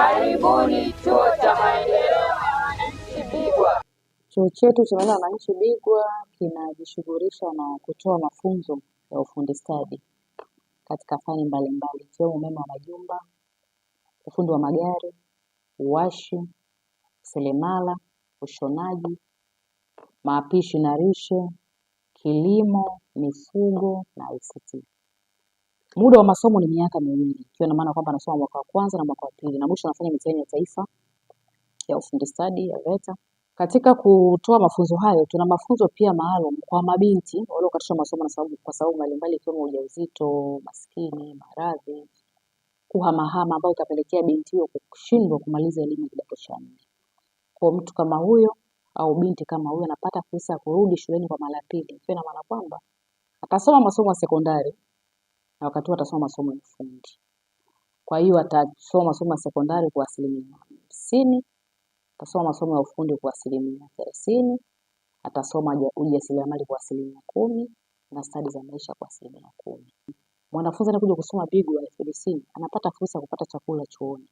Karibuni Chuo cha Maendeleo ya Wananchi Bigwa. Chuo chetu cha Maendeleo ya Wananchi Bigwa kinajishughulisha na kutoa mafunzo ya ufundi stadi katika fani mbalimbali ikiwemo umeme wa majumba, ufundi wa magari, uwashi, selemala ushonaji, mapishi na lishe, kilimo, mifugo na ICT. Muda wa masomo ni miaka miwili, ikiwa na maana kwamba anasoma mwaka wa kwanza na mwaka wa pili, na mwisho anafanya mitihani ya taifa ya ufundi stadi ya VETA. Katika kutoa mafunzo hayo, tuna mafunzo pia maalum kwa mabinti waliokatisha masomo na sababu, kwa sababu mbalimbali ikiwemo ujauzito, maskini, maradhi, kuhamahama, ambayo ikapelekea binti huyo kushindwa kumaliza elimu ya kidato cha nne. Kwa mtu kama huyo au binti kama huyo anapata fursa ya kurudi shuleni kwa mara ya pili, ikiwa na maana kwamba atasoma masomo ya sekondari na wakati huo atasoma masomo ya ufundi. Kwa hiyo atasoma masomo ya sekondari kwa asilimia hamsini, atasoma masomo ya ufundi kwa asilimia thelathini, atasoma ujasiriamali kwa asilimia kumi na stadi za maisha kwa asilimia kumi. Mwanafunzi anakuja kusoma Bigwa elfu hamsini anapata fursa ya kupata chakula chuoni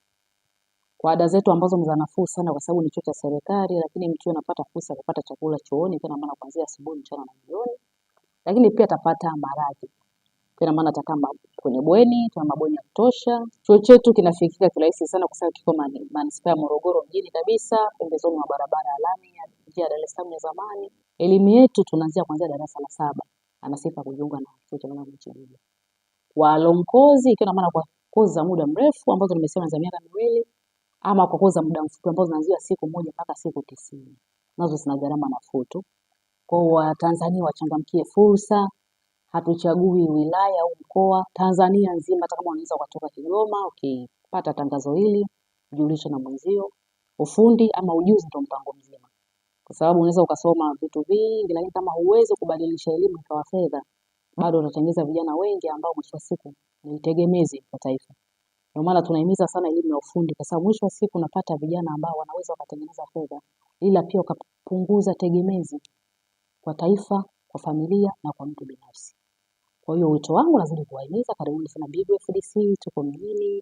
kwa ada zetu ambazo za nafuu sana, kwa sababu ni chuo cha serikali, lakini mtu anapata fursa ya kupata chakula chuoni, tena maana kuanzia asubuhi, mchana na jioni. Lakini pia atapata maradhi kwa maana atakaa kwenye bweni, tuna mabweni ya kutosha. Chuo chetu kinafikika kirahisi sana kwa sababu kiko manispaa ya Morogoro mjini kabisa, pembezoni mwa barabara ya lami ya njia ya Dar es Salaam ya zamani. Elimu yetu tunaanzia kuanzia darasa la saba, ana sifa kujiunga na chuo cha Mwalimu Nyerere. Walongozi ikiwa na maana kwa kozi za muda mrefu ambazo nimesema za miaka miwili ama kwa kozi za muda mfupi ambazo zinaanzia siku moja mpaka siku tisini, nazo zina gharama nafuu tu. Kwa hiyo Watanzania wachangamkie fursa hatuchagui wilaya au mkoa, Tanzania nzima. Hata kama unaweza ukatoka Kigoma, ukipata tangazo hili julisha na mwenzio. Ufundi ama ujuzi ndio mpango mzima, kwa sababu unaweza ukasoma vitu vingi, lakini kama huwezi kubadilisha elimu ikawa fedha, bado unatengeneza vijana wengi ambao mwisho wa siku ni tegemezi kwa taifa. Ndio maana tunahimiza sana elimu ya ufundi, kwa sababu mwisho wa siku unapata vijana ambao wanaweza wakatengeneza fedha, ila pia ukapunguza tegemezi kwa taifa, kwa familia na kwa mtu binafsi. Kwa hiyo wito wangu nazidi kuwahimiza, karibuni sana BBFDC, tuko mjini,